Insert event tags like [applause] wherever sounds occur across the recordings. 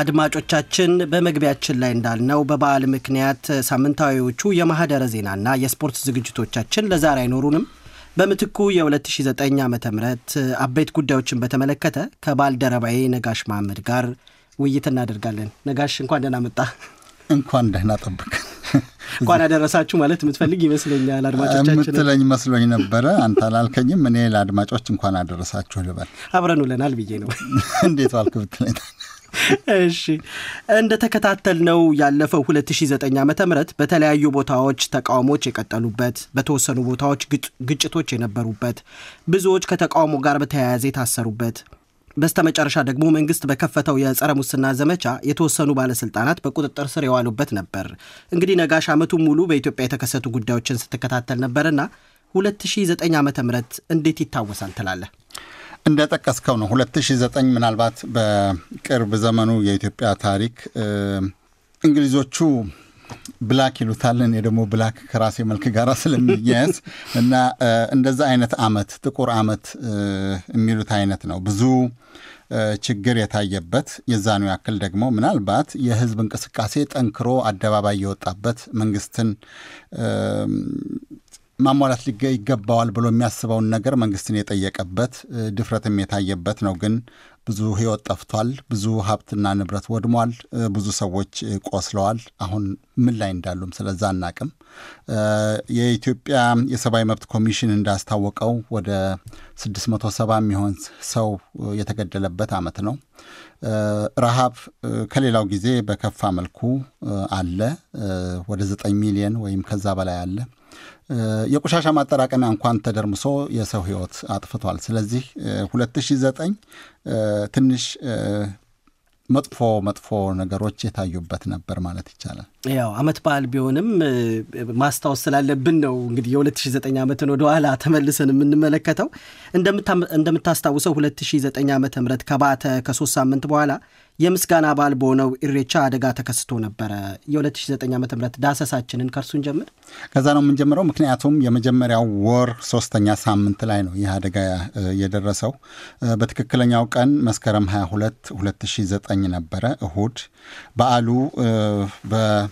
አድማጮቻችን በመግቢያችን ላይ እንዳልነው በበዓል ምክንያት ሳምንታዊዎቹ የማህደረ ዜናና የስፖርት ዝግጅቶቻችን ለዛሬ አይኖሩንም። በምትኩ የ2009 ዓ ም አበይት ጉዳዮችን በተመለከተ ከባልደረባዬ ነጋሽ መሐመድ ጋር ውይይት እናደርጋለን። ነጋሽ እንኳን ደህና መጣ። እንኳን ደህና ጠብቅ። እንኳን አደረሳችሁ ማለት የምትፈልግ ይመስለኛል። አድማጮቻችን መስሎኝ ነበረ። አንተ አላልከኝም። እኔ ለአድማጮች እንኳን አደረሳችሁ ልበል። አብረን ውለናል ብዬ ነው። እንዴት ዋልክ ብትለኝ እሺ ነው ያለፈው 2009 ዓ ምት በተለያዩ ቦታዎች ተቃውሞች የቀጠሉበት፣ በተወሰኑ ቦታዎች ግጭቶች የነበሩበት፣ ብዙዎች ከተቃውሞ ጋር በተያያዘ የታሰሩበት፣ በስተመጨረሻ ደግሞ መንግስት በከፈተው የጸረ ሙስና ዘመቻ የተወሰኑ ባለስልጣናት በቁጥጥር ስር የዋሉበት ነበር። እንግዲህ ነጋሽ ዓመቱን ሙሉ በኢትዮጵያ የተከሰቱ ጉዳዮችን ስትከታተል ነበርና 2009 ዓ ምት እንዴት ይታወሳል ትላለህ? እንደ ጠቀስከው ነው 2009 ምናልባት በቅርብ ዘመኑ የኢትዮጵያ ታሪክ እንግሊዞቹ ብላክ ይሉታል፣ እኔ ደግሞ ብላክ ከራሴ መልክ ጋር ስለሚያያዝ [laughs] እና እንደዛ አይነት አመት ጥቁር አመት የሚሉት አይነት ነው። ብዙ ችግር የታየበት የዛኑ ያክል ደግሞ ምናልባት የህዝብ እንቅስቃሴ ጠንክሮ አደባባይ የወጣበት መንግስትን ማሟላት ሊገ ይገባዋል ብሎ የሚያስበውን ነገር መንግስትን የጠየቀበት ድፍረትም የታየበት ነው። ግን ብዙ ህይወት ጠፍቷል፣ ብዙ ሀብትና ንብረት ወድሟል፣ ብዙ ሰዎች ቆስለዋል። አሁን ምን ላይ እንዳሉም ስለዛ አናቅም። የኢትዮጵያ የሰብአዊ መብት ኮሚሽን እንዳስታወቀው ወደ 670 የሚሆን ሰው የተገደለበት አመት ነው። ረሃብ ከሌላው ጊዜ በከፋ መልኩ አለ። ወደ 9 ሚሊየን ወይም ከዛ በላይ አለ። የቆሻሻ ማጠራቀሚያ እንኳን ተደርምሶ የሰው ህይወት አጥፍቷል። ስለዚህ 2009 ትንሽ መጥፎ መጥፎ ነገሮች የታዩበት ነበር ማለት ይቻላል። ያው አመት በዓል ቢሆንም ማስታወስ ስላለብን ነው እንግዲህ የ2009 ዓመትን ወደ ኋላ ተመልሰን የምንመለከተው። እንደምታስታውሰው 2009 ዓ ምህረት ከባተ ከሶስት ሳምንት በኋላ የምስጋና በዓል በሆነው ኢሬቻ አደጋ ተከስቶ ነበረ። የ2009 ዓ ም ዳሰሳችንን ከእርሱን ጀምር። ከዛ ነው የምንጀምረው፣ ምክንያቱም የመጀመሪያው ወር ሶስተኛ ሳምንት ላይ ነው ይህ አደጋ የደረሰው። በትክክለኛው ቀን መስከረም 22 2009 ነበረ እሁድ። በዓሉ በዛ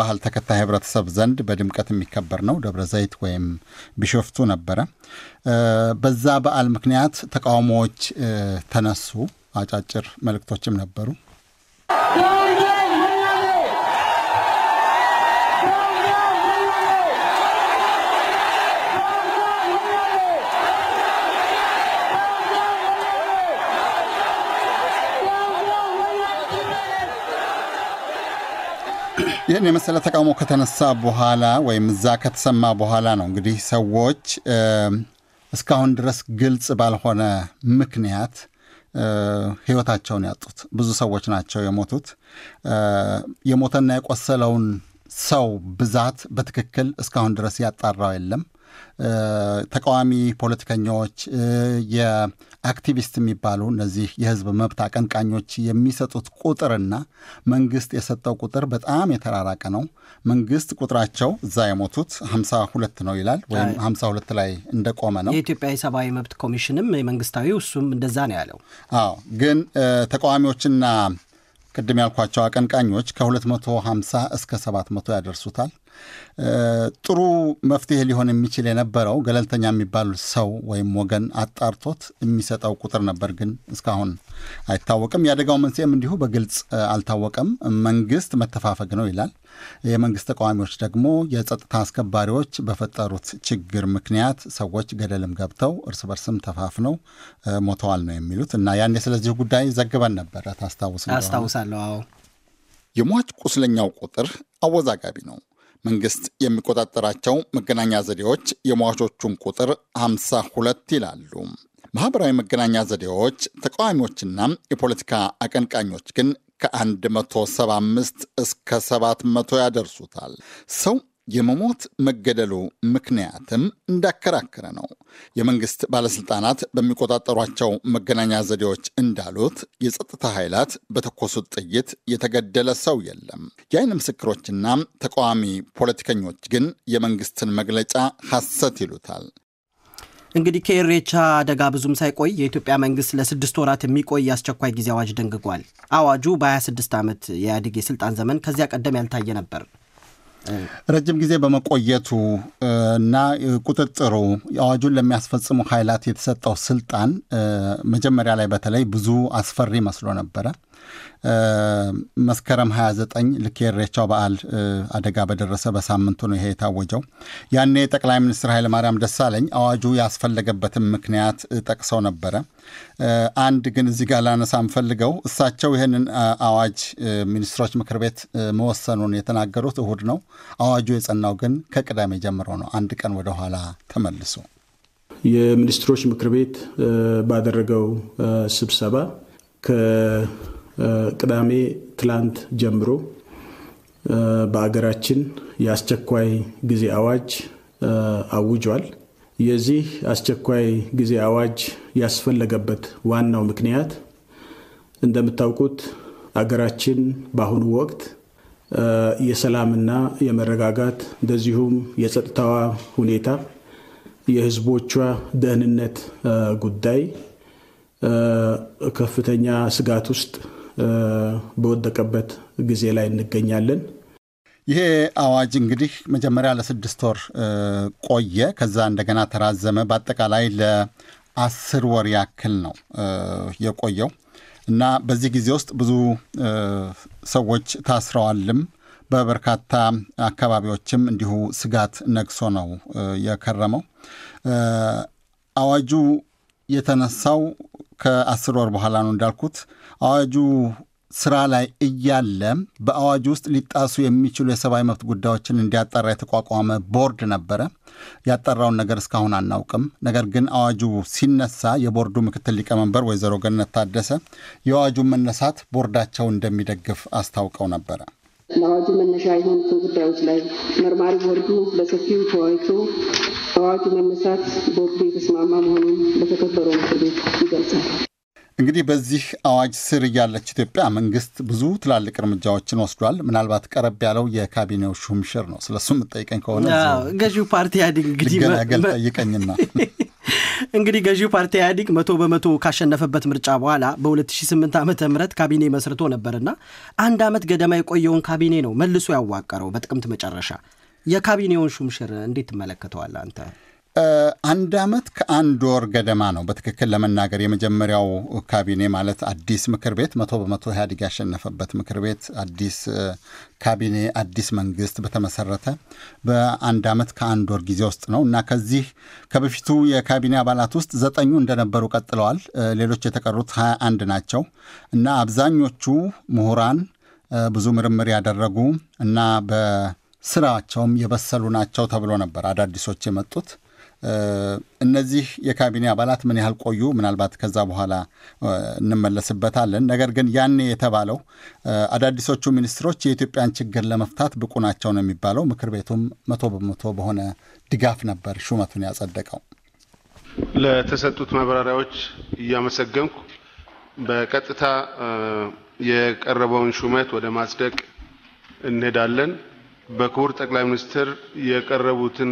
ባህል ተከታይ ህብረተሰብ ዘንድ በድምቀት የሚከበር ነው። ደብረ ዘይት ወይም ቢሾፍቱ ነበረ። በዛ በዓል ምክንያት ተቃውሞዎች ተነሱ። አጫጭር መልእክቶችም ነበሩ። ይህን የመሰለ ተቃውሞ ከተነሳ በኋላ ወይም እዛ ከተሰማ በኋላ ነው እንግዲህ ሰዎች እስካሁን ድረስ ግልጽ ባልሆነ ምክንያት ህይወታቸውን ያጡት ብዙ ሰዎች ናቸው የሞቱት። የሞተና የቆሰለውን ሰው ብዛት በትክክል እስካሁን ድረስ ያጣራው የለም። ተቃዋሚ ፖለቲከኞች፣ የአክቲቪስት የሚባሉ እነዚህ የህዝብ መብት አቀንቃኞች የሚሰጡት ቁጥርና መንግስት የሰጠው ቁጥር በጣም የተራራቀ ነው። መንግስት ቁጥራቸው እዛ የሞቱት 52 ነው ይላል፣ ወይም ሁለት ላይ እንደቆመ ነው። የኢትዮጵያ የሰብአዊ መብት ኮሚሽንም መንግስታዊ እሱም እንደዛ ነው ያለው። አዎ ግን ተቃዋሚዎችና ቅድም ያልኳቸው አቀንቃኞች ከ250 እስከ 700 ያደርሱታል። ጥሩ መፍትሄ ሊሆን የሚችል የነበረው ገለልተኛ የሚባል ሰው ወይም ወገን አጣርቶት የሚሰጠው ቁጥር ነበር፣ ግን እስካሁን አይታወቅም። የአደጋው መንስኤም እንዲሁ በግልጽ አልታወቀም። መንግስት መተፋፈግ ነው ይላል። የመንግስት ተቃዋሚዎች ደግሞ የጸጥታ አስከባሪዎች በፈጠሩት ችግር ምክንያት ሰዎች ገደልም ገብተው እርስ በርስም ተፋፍነው ሞተዋል ነው የሚሉት እና ያኔ ስለዚህ ጉዳይ ዘግበን ነበረ። ታስታውስ? አስታውሳለሁ። አዎ። የሟች ቁስለኛው ቁጥር አወዛጋቢ ነው። መንግስት የሚቆጣጠራቸው መገናኛ ዘዴዎች የሟቾቹን ቁጥር 52 ይላሉ። ማህበራዊ መገናኛ ዘዴዎች ተቃዋሚዎችና የፖለቲካ አቀንቃኞች ግን ከ175 እስከ 700 ያደርሱታል። ሰው የመሞት መገደሉ ምክንያትም እንዳከራከረ ነው። የመንግስት ባለስልጣናት በሚቆጣጠሯቸው መገናኛ ዘዴዎች እንዳሉት የጸጥታ ኃይላት በተኮሱት ጥይት የተገደለ ሰው የለም። የአይን ምስክሮችና ተቃዋሚ ፖለቲከኞች ግን የመንግስትን መግለጫ ሐሰት ይሉታል። እንግዲህ ከኤሬቻ አደጋ ብዙም ሳይቆይ የኢትዮጵያ መንግስት ለስድስት ወራት የሚቆይ የአስቸኳይ ጊዜ አዋጅ ደንግጓል። አዋጁ በ26 ዓመት የኢህአዴግ የስልጣን ዘመን ከዚያ ቀደም ያልታየ ነበር። ረጅም ጊዜ በመቆየቱ እና ቁጥጥሩ አዋጁን ለሚያስፈጽሙ ኃይላት የተሰጠው ስልጣን መጀመሪያ ላይ በተለይ ብዙ አስፈሪ መስሎ ነበረ። መስከረም 29 ልክ የኢሬቻው በዓል አደጋ በደረሰ በሳምንቱ ነው ይሄ የታወጀው። ያኔ ጠቅላይ ሚኒስትር ኃይለማርያም ደሳለኝ አዋጁ ያስፈለገበትን ምክንያት ጠቅሰው ነበረ። አንድ ግን እዚህ ጋር ላነሳ ምፈልገው እሳቸው ይህንን አዋጅ ሚኒስትሮች ምክር ቤት መወሰኑን የተናገሩት እሁድ ነው። አዋጁ የጸናው ግን ከቅዳሜ ጀምሮ ነው፣ አንድ ቀን ወደኋላ ተመልሶ የሚኒስትሮች ምክር ቤት ባደረገው ስብሰባ ቅዳሜ ትላንት ጀምሮ በአገራችን የአስቸኳይ ጊዜ አዋጅ አውጇል። የዚህ አስቸኳይ ጊዜ አዋጅ ያስፈለገበት ዋናው ምክንያት እንደምታውቁት አገራችን በአሁኑ ወቅት የሰላምና የመረጋጋት እንደዚሁም የጸጥታዋ ሁኔታ የሕዝቦቿ ደህንነት ጉዳይ ከፍተኛ ስጋት ውስጥ በወደቀበት ጊዜ ላይ እንገኛለን። ይሄ አዋጅ እንግዲህ መጀመሪያ ለስድስት ወር ቆየ፣ ከዛ እንደገና ተራዘመ። በአጠቃላይ ለአስር ወር ያክል ነው የቆየው እና በዚህ ጊዜ ውስጥ ብዙ ሰዎች ታስረዋልም። በበርካታ አካባቢዎችም እንዲሁ ስጋት ነግሶ ነው የከረመው። አዋጁ የተነሳው ከአስር ወር በኋላ ነው እንዳልኩት። አዋጁ ስራ ላይ እያለ በአዋጅ ውስጥ ሊጣሱ የሚችሉ የሰብአዊ መብት ጉዳዮችን እንዲያጠራ የተቋቋመ ቦርድ ነበረ። ያጠራውን ነገር እስካሁን አናውቅም። ነገር ግን አዋጁ ሲነሳ የቦርዱ ምክትል ሊቀመንበር ወይዘሮ ገነት ታደሰ የአዋጁ መነሳት ቦርዳቸው እንደሚደግፍ አስታውቀው ነበረ። ለአዋጁ መነሻ የሆኑት ጉዳዮች ላይ መርማሪ ቦርዱ በሰፊው ተወያይቶ አዋጁ መነሳት ቦርዱ የተስማማ መሆኑን ለተከበረው ምክር ቤት ይገልጻል። እንግዲህ በዚህ አዋጅ ስር ያለች ኢትዮጵያ መንግስት ብዙ ትላልቅ እርምጃዎችን ወስዷል። ምናልባት ቀረብ ያለው የካቢኔው ሹምሽር ነው። ስለሱ የምጠይቀኝ ከሆነ ገዢው ፓርቲ ኢህአዴግ እንግዲህ ገል ጠይቀኝና [laughs] እንግዲህ ገዢው ፓርቲ ኢህአዴግ መቶ በመቶ ካሸነፈበት ምርጫ በኋላ በ2008 ዓ.ም ካቢኔ መስርቶ ነበርና አንድ ዓመት ገደማ የቆየውን ካቢኔ ነው መልሶ ያዋቀረው በጥቅምት መጨረሻ። የካቢኔውን ሹምሽር እንዴት ትመለከተዋል አንተ? Uh, አንድ ዓመት ከአንድ ወር ገደማ ነው በትክክል ለመናገር የመጀመሪያው ካቢኔ ማለት አዲስ ምክር ቤት መቶ በመቶ ኢህአዴግ ያሸነፈበት ምክር ቤት አዲስ uh, ካቢኔ አዲስ መንግስት በተመሰረተ በአንድ ዓመት ከአንድ ወር ጊዜ ውስጥ ነው እና ከዚህ ከበፊቱ የካቢኔ አባላት ውስጥ ዘጠኙ እንደነበሩ ቀጥለዋል። uh, ሌሎች የተቀሩት ሀያ አንድ ናቸው እና አብዛኞቹ ምሁራን ብዙ ምርምር ያደረጉ እና በስራቸውም የበሰሉ ናቸው ተብሎ ነበር አዳዲሶች የመጡት። እነዚህ የካቢኔ አባላት ምን ያህል ቆዩ? ምናልባት ከዛ በኋላ እንመለስበታለን። ነገር ግን ያኔ የተባለው አዳዲሶቹ ሚኒስትሮች የኢትዮጵያን ችግር ለመፍታት ብቁ ናቸው ነው የሚባለው። ምክር ቤቱም መቶ በመቶ በሆነ ድጋፍ ነበር ሹመቱን ያጸደቀው። ለተሰጡት ማብራሪያዎች እያመሰገንኩ በቀጥታ የቀረበውን ሹመት ወደ ማጽደቅ እንሄዳለን። በክቡር ጠቅላይ ሚኒስትር የቀረቡትን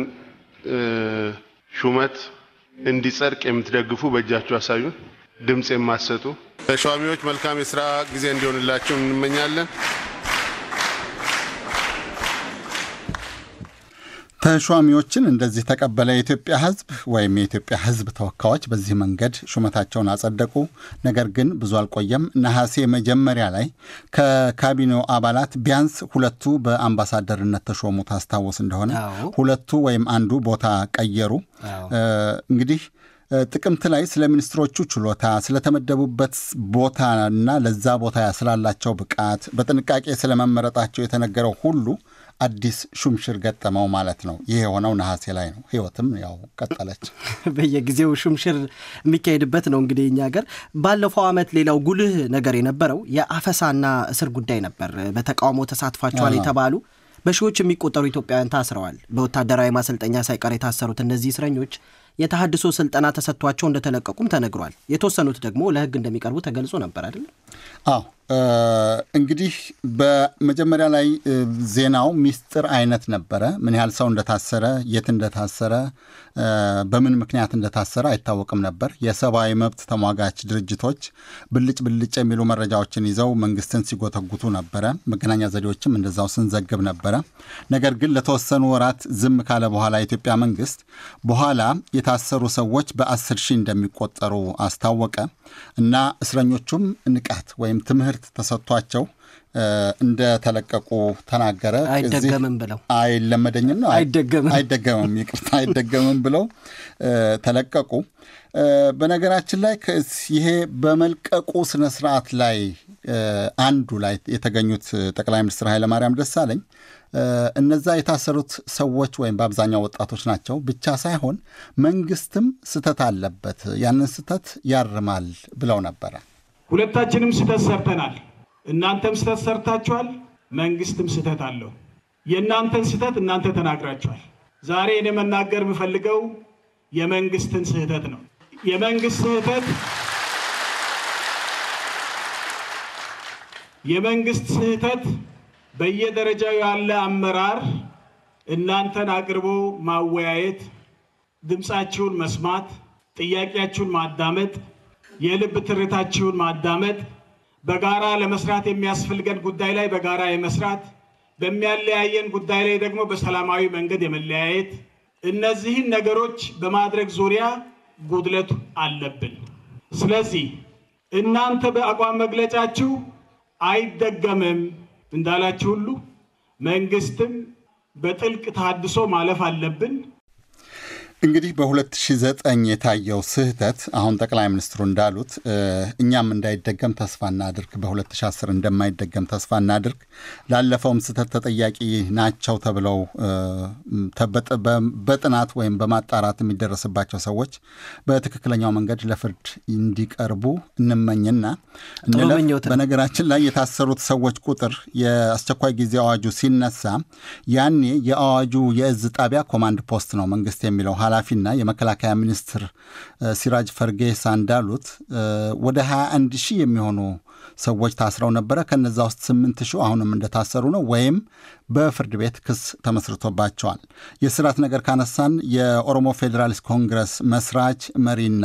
ሹመት እንዲጸድቅ የምትደግፉ በእጃችሁ አሳዩ። ድምፅ የማሰጡ ተሿሚዎች መልካም የስራ ጊዜ እንዲሆንላቸው እንመኛለን። ተሿሚዎችን እንደዚህ ተቀበለ የኢትዮጵያ ህዝብ ወይም የኢትዮጵያ ህዝብ ተወካዮች በዚህ መንገድ ሹመታቸውን አጸደቁ። ነገር ግን ብዙ አልቆየም። ነሐሴ መጀመሪያ ላይ ከካቢኔው አባላት ቢያንስ ሁለቱ በአምባሳደርነት ተሾሙ። ታስታውስ እንደሆነ ሁለቱ ወይም አንዱ ቦታ ቀየሩ። እንግዲህ ጥቅምት ላይ ስለ ሚኒስትሮቹ ችሎታ፣ ስለተመደቡበት ቦታ እና ለዛ ቦታ ስላላቸው ብቃት፣ በጥንቃቄ ስለመመረጣቸው የተነገረው ሁሉ አዲስ ሹምሽር ገጠመው ማለት ነው። ይህ የሆነው ነሐሴ ላይ ነው። ህይወትም ያው ቀጠለች። [laughs] በየጊዜው ሹምሽር የሚካሄድበት ነው። እንግዲህ እኛ ሀገር ባለፈው ዓመት ሌላው ጉልህ ነገር የነበረው የአፈሳና እስር ጉዳይ ነበር። በተቃውሞ ተሳትፏቸዋል የተባሉ በሺዎች የሚቆጠሩ ኢትዮጵያውያን ታስረዋል። በወታደራዊ ማሰልጠኛ ሳይቀር የታሰሩት እነዚህ እስረኞች የተሃድሶ ስልጠና ተሰጥቷቸው እንደተለቀቁም ተነግሯል። የተወሰኑት ደግሞ ለህግ እንደሚቀርቡ ተገልጾ ነበር አይደል? አዎ እንግዲህ በመጀመሪያ ላይ ዜናው ሚስጥር አይነት ነበረ። ምን ያህል ሰው እንደታሰረ፣ የት እንደታሰረ፣ በምን ምክንያት እንደታሰረ አይታወቅም ነበር። የሰብአዊ መብት ተሟጋች ድርጅቶች ብልጭ ብልጭ የሚሉ መረጃዎችን ይዘው መንግስትን ሲጎተጉቱ ነበረ። መገናኛ ዘዴዎችም እንደዛው ስንዘግብ ነበረ። ነገር ግን ለተወሰኑ ወራት ዝም ካለ በኋላ የኢትዮጵያ መንግስት በኋላ የታሰሩ ሰዎች በአስር ሺህ እንደሚቆጠሩ አስታወቀ እና እስረኞቹም ንቃት ወይም ትምህርት ትምህርት ተሰጥቷቸው እንደተለቀቁ ተናገረ። አይደገምም ብለው አይለመደኝም ነው አይደገምም አይደገምም ይቅርታ አይደገምም ብለው ተለቀቁ። በነገራችን ላይ ይሄ በመልቀቁ ስነ ስርዓት ላይ አንዱ ላይ የተገኙት ጠቅላይ ሚኒስትር ኃይለማርያም ደሳለኝ እነዛ የታሰሩት ሰዎች ወይም በአብዛኛው ወጣቶች ናቸው ብቻ ሳይሆን መንግስትም ስህተት አለበት፣ ያንን ስህተት ያርማል ብለው ነበረ። ሁለታችንም ስህተት ሰርተናል። እናንተም ስህተት ሰርታችኋል፣ መንግስትም ስህተት አለው። የእናንተን ስህተት እናንተ ተናግራችኋል። ዛሬ እኔ መናገር የምፈልገው የመንግስትን ስህተት ነው። የመንግስት ስህተት የመንግስት ስህተት በየደረጃው ያለ አመራር እናንተን አቅርቦ ማወያየት፣ ድምፃችሁን መስማት፣ ጥያቄያችሁን ማዳመጥ የልብ ትርታችሁን ማዳመጥ፣ በጋራ ለመስራት የሚያስፈልገን ጉዳይ ላይ በጋራ የመስራት፣ በሚያለያየን ጉዳይ ላይ ደግሞ በሰላማዊ መንገድ የመለያየት እነዚህን ነገሮች በማድረግ ዙሪያ ጉድለት አለብን። ስለዚህ እናንተ በአቋም መግለጫችሁ አይደገምም እንዳላችሁ ሁሉ መንግስትም በጥልቅ ታድሶ ማለፍ አለብን። እንግዲህ በ2009 የታየው ስህተት አሁን ጠቅላይ ሚኒስትሩ እንዳሉት እኛም እንዳይደገም ተስፋ እናድርግ፣ በ2010 እንደማይደገም ተስፋ እናድርግ። ላለፈውም ስህተት ተጠያቂ ናቸው ተብለው በጥናት ወይም በማጣራት የሚደረስባቸው ሰዎች በትክክለኛው መንገድ ለፍርድ እንዲቀርቡ እንመኝና በነገራችን ላይ የታሰሩት ሰዎች ቁጥር የአስቸኳይ ጊዜ አዋጁ ሲነሳ ያኔ የአዋጁ የእዝ ጣቢያ ኮማንድ ፖስት ነው መንግስት የሚለው ኃላፊና የመከላከያ ሚኒስትር ሲራጅ ፈርጌሳ እንዳሉት ወደ 21 ሺህ የሚሆኑ ሰዎች ታስረው ነበረ። ከነዛ ውስጥ 8 ሺህ አሁንም እንደታሰሩ ነው ወይም በፍርድ ቤት ክስ ተመስርቶባቸዋል። የስራት ነገር ካነሳን የኦሮሞ ፌዴራሊስት ኮንግረስ መስራች መሪና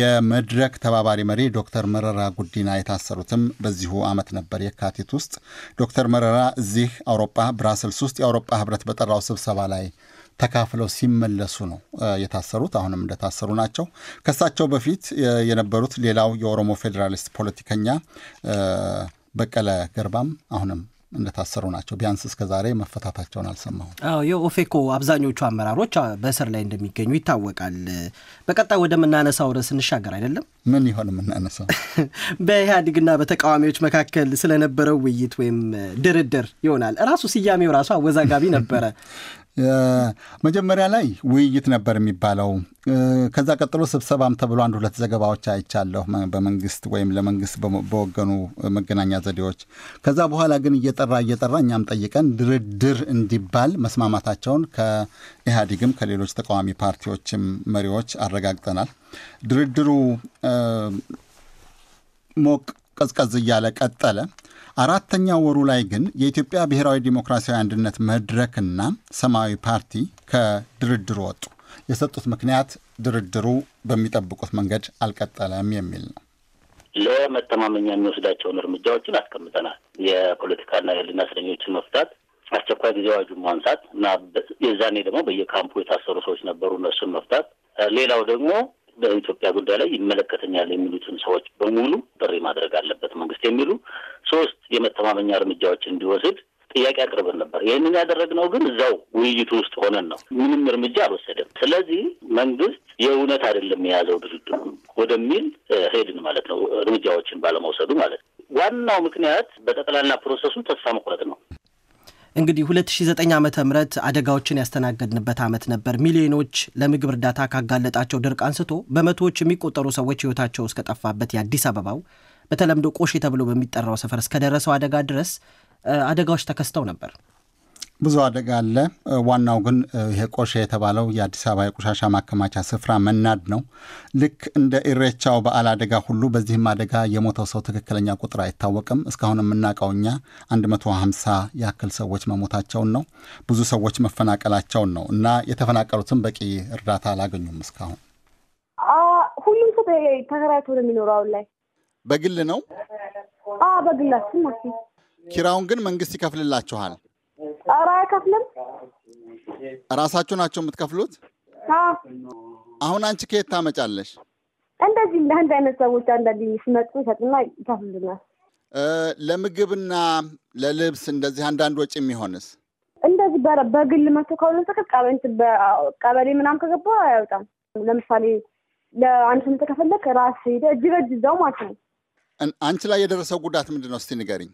የመድረክ ተባባሪ መሪ ዶክተር መረራ ጉዲና የታሰሩትም በዚሁ ዓመት ነበር የካቲት ውስጥ ዶክተር መረራ እዚህ አውሮፓ ብራስልስ ውስጥ የአውሮፓ ህብረት በጠራው ስብሰባ ላይ ተካፍለው ሲመለሱ ነው የታሰሩት። አሁንም እንደታሰሩ ናቸው። ከሳቸው በፊት የነበሩት ሌላው የኦሮሞ ፌዴራሊስት ፖለቲከኛ በቀለ ገርባም አሁንም እንደታሰሩ ናቸው። ቢያንስ እስከ ዛሬ መፈታታቸውን አልሰማሁም። አዎ የኦፌኮ አብዛኞቹ አመራሮች በእስር ላይ እንደሚገኙ ይታወቃል። በቀጣይ ወደ ምናነሳው ርዕስ እንሻገር አይደለም? ምን ይሆን የምናነሳው? [laughs] በኢህአዴግና በተቃዋሚዎች መካከል ስለነበረው ውይይት ወይም ድርድር ይሆናል። ራሱ ስያሜው ራሱ አወዛጋቢ ነበረ። [laughs] መጀመሪያ ላይ ውይይት ነበር የሚባለው። ከዛ ቀጥሎ ስብሰባም ተብሎ አንድ ሁለት ዘገባዎች አይቻለሁ በመንግስት ወይም ለመንግስት በወገኑ መገናኛ ዘዴዎች። ከዛ በኋላ ግን እየጠራ እየጠራ እኛም ጠይቀን ድርድር እንዲባል መስማማታቸውን ከኢህአዲግም ከሌሎች ተቃዋሚ ፓርቲዎችም መሪዎች አረጋግጠናል። ድርድሩ ሞቅ ቀዝቀዝ እያለ ቀጠለ። አራተኛው ወሩ ላይ ግን የኢትዮጵያ ብሔራዊ ዲሞክራሲያዊ አንድነት መድረክና ሰማያዊ ፓርቲ ከድርድሩ ወጡ። የሰጡት ምክንያት ድርድሩ በሚጠብቁት መንገድ አልቀጠለም የሚል ነው። ለመተማመኛ የሚወስዳቸውን እርምጃዎችን አስቀምጠናል። የፖለቲካና የሕሊና እስረኞችን መፍታት፣ አስቸኳይ ጊዜ አዋጁን ማንሳት እና የዛኔ ደግሞ በየካምፑ የታሰሩ ሰዎች ነበሩ፣ እነሱን መፍታት። ሌላው ደግሞ በኢትዮጵያ ጉዳይ ላይ ይመለከተኛል የሚሉትን ሰዎች በሙሉ ጥሪ ማድረግ አለበት መንግስት የሚሉ ሶስት የመተማመኛ እርምጃዎች እንዲወስድ ጥያቄ አቅርበን ነበር። ይህንን ያደረግነው ግን እዛው ውይይቱ ውስጥ ሆነን ነው። ምንም እርምጃ አልወሰደም። ስለዚህ መንግስት የእውነት አይደለም የያዘው ድርድሩ ወደሚል ሄድን ማለት ነው። እርምጃዎችን ባለመውሰዱ ማለት ነው። ዋናው ምክንያት በጠቅላላ ፕሮሰሱ ተስፋ መቁረጥ ነው። እንግዲህ 2009 ዓመተ ም አደጋዎችን ያስተናገድንበት ዓመት ነበር። ሚሊዮኖች ለምግብ እርዳታ ካጋለጣቸው ድርቅ አንስቶ በመቶዎች የሚቆጠሩ ሰዎች ሕይወታቸው እስከጠፋበት የአዲስ አበባው በተለምዶ ቆሼ ተብሎ በሚጠራው ሰፈር እስከደረሰው አደጋ ድረስ አደጋዎች ተከስተው ነበር። ብዙ አደጋ አለ። ዋናው ግን ይሄ ቆሼ የተባለው የአዲስ አበባ የቆሻሻ ማከማቻ ስፍራ መናድ ነው። ልክ እንደ ኢሬቻው በዓል አደጋ ሁሉ በዚህም አደጋ የሞተው ሰው ትክክለኛ ቁጥር አይታወቅም። እስካሁን የምናውቀው እኛ 150 ያክል ሰዎች መሞታቸውን ነው፣ ብዙ ሰዎች መፈናቀላቸውን ነው እና የተፈናቀሉትም በቂ እርዳታ አላገኙም እስካሁን። ሁሉም ሰው ተከራይቶ ነው የሚኖረው አሁን ላይ። በግል ነው በግላችን። ኪራውን ግን መንግስት ይከፍልላችኋል ኧረ አይከፍልም። እራሳችሁ ናቸው የምትከፍሉት? አሁን አንቺ ከየት ታመጫለሽ? እንደዚህ እንደ አንድ አይነት ሰዎች አንዳንድ ሲመጡ ይሰጡና ይከፍሉናል። ለምግብና ለልብስ እንደዚህ አንዳንድ ወጪ የሚሆንስ እንደዚህ በግል መቶ ከሆነ ቀበሌ ምናም ከገባ አያወጣም። ለምሳሌ ለአንድ ስንት ተከፈለክ ራስ ሄደ እጅ በእጅ እዛው ማለት ነው። አንቺ ላይ የደረሰው ጉዳት ምንድን ነው? እስቲ ንገሪኝ።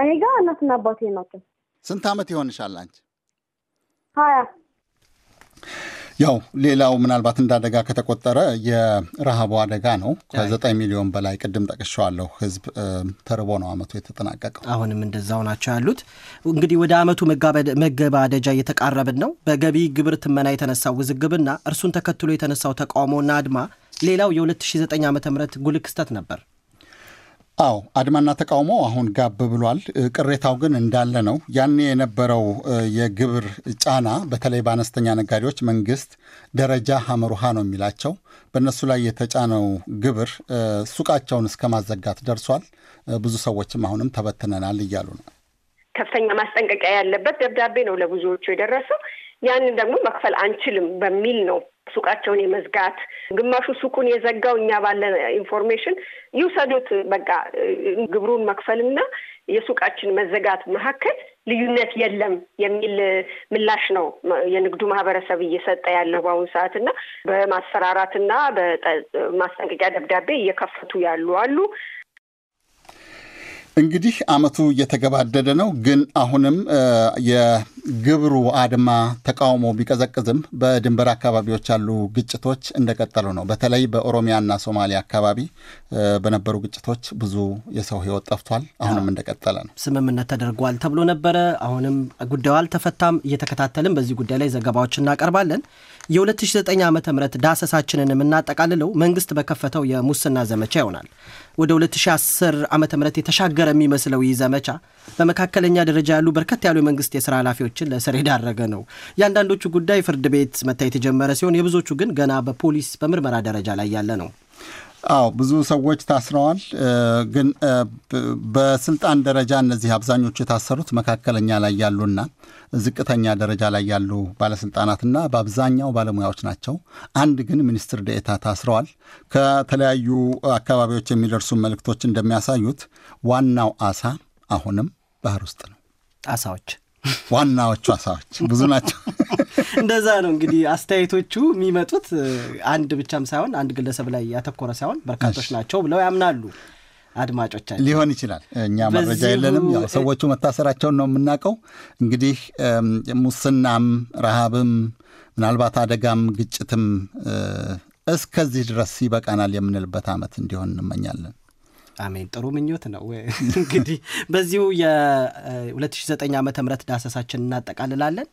እኔ ጋር እናትና አባቴ ናቸው። ስንት ዓመት ይሆንሻል አንቺ? ሀያ ያው ሌላው ምናልባት እንደ አደጋ ከተቆጠረ የረሃቡ አደጋ ነው። ከዘጠኝ ሚሊዮን በላይ ቅድም ጠቅሸዋለሁ ህዝብ ተርቦ ነው አመቱ የተጠናቀቀው። አሁንም እንደዛው ናቸው ያሉት። እንግዲህ ወደ አመቱ መገባደጃ እየተቃረብን ነው። በገቢ ግብር ትመና የተነሳው ውዝግብና እርሱን ተከትሎ የተነሳው ተቃውሞና አድማ ሌላው የ2009 ዓ ም ጉል ክስተት ነበር። አዎ አድማና ተቃውሞ አሁን ጋብ ብሏል። ቅሬታው ግን እንዳለ ነው። ያኔ የነበረው የግብር ጫና በተለይ በአነስተኛ ነጋዴዎች መንግስት ደረጃ ሀመሩሃ ነው የሚላቸው በእነሱ ላይ የተጫነው ግብር ሱቃቸውን እስከ ማዘጋት ደርሷል። ብዙ ሰዎችም አሁንም ተበትነናል እያሉ ነው። ከፍተኛ ማስጠንቀቂያ ያለበት ደብዳቤ ነው ለብዙዎቹ የደረሰው። ያንን ደግሞ መክፈል አንችልም በሚል ነው ሱቃቸውን የመዝጋት ግማሹ ሱቁን የዘጋው እኛ ባለ ኢንፎርሜሽን ይውሰዱት፣ በቃ ግብሩን መክፈልና የሱቃችን መዘጋት መካከል ልዩነት የለም የሚል ምላሽ ነው የንግዱ ማህበረሰብ እየሰጠ ያለው በአሁኑ ሰዓት እና በማስፈራራትና በማስጠንቀቂያ ደብዳቤ እየከፈቱ ያሉ አሉ። እንግዲህ አመቱ እየተገባደደ ነው። ግን አሁንም የግብሩ አድማ ተቃውሞ ቢቀዘቅዝም በድንበር አካባቢዎች ያሉ ግጭቶች እንደቀጠሉ ነው። በተለይ በኦሮሚያና ሶማሊያ አካባቢ በነበሩ ግጭቶች ብዙ የሰው ሕይወት ጠፍቷል። አሁንም እንደቀጠለ ነው። ስምምነት ተደርጓል ተብሎ ነበረ። አሁንም ጉዳዩ አልተፈታም። እየተከታተልም በዚህ ጉዳይ ላይ ዘገባዎች እናቀርባለን። የ2009 ዓ ም ዳሰሳችንን የምናጠቃልለው መንግስት በከፈተው የሙስና ዘመቻ ይሆናል። ወደ 2010 ዓ ም የተሻገረ የሚመስለው ይህ ዘመቻ በመካከለኛ ደረጃ ያሉ በርከት ያሉ የመንግስት የስራ ኃላፊዎችን ለእስር የዳረገ ነው። የአንዳንዶቹ ጉዳይ ፍርድ ቤት መታየት የጀመረ ሲሆን፣ የብዙዎቹ ግን ገና በፖሊስ በምርመራ ደረጃ ላይ ያለ ነው። አዎ ብዙ ሰዎች ታስረዋል። ግን በስልጣን ደረጃ እነዚህ አብዛኞቹ የታሰሩት መካከለኛ ላይ ያሉና ዝቅተኛ ደረጃ ላይ ያሉ ባለስልጣናትና በአብዛኛው ባለሙያዎች ናቸው። አንድ ግን ሚኒስትር ደኤታ ታስረዋል። ከተለያዩ አካባቢዎች የሚደርሱ መልእክቶች እንደሚያሳዩት ዋናው አሳ አሁንም ባህር ውስጥ ነው። አሳዎች ዋናዎቹ አሳዎች ብዙ ናቸው። እንደዛ ነው እንግዲህ አስተያየቶቹ የሚመጡት አንድ ብቻም ሳይሆን አንድ ግለሰብ ላይ ያተኮረ ሳይሆን በርካቶች ናቸው ብለው ያምናሉ አድማጮቻችን። ሊሆን ይችላል እኛ መረጃ የለንም። ያው ሰዎቹ መታሰራቸውን ነው የምናውቀው። እንግዲህ ሙስናም፣ ረሃብም፣ ምናልባት አደጋም፣ ግጭትም እስከዚህ ድረስ ይበቃናል የምንልበት አመት እንዲሆን እንመኛለን። አሜን ጥሩ ምኞት ነው። እንግዲህ በዚሁ የ2009 ዓ ም ዳሰሳችን እናጠቃልላለን።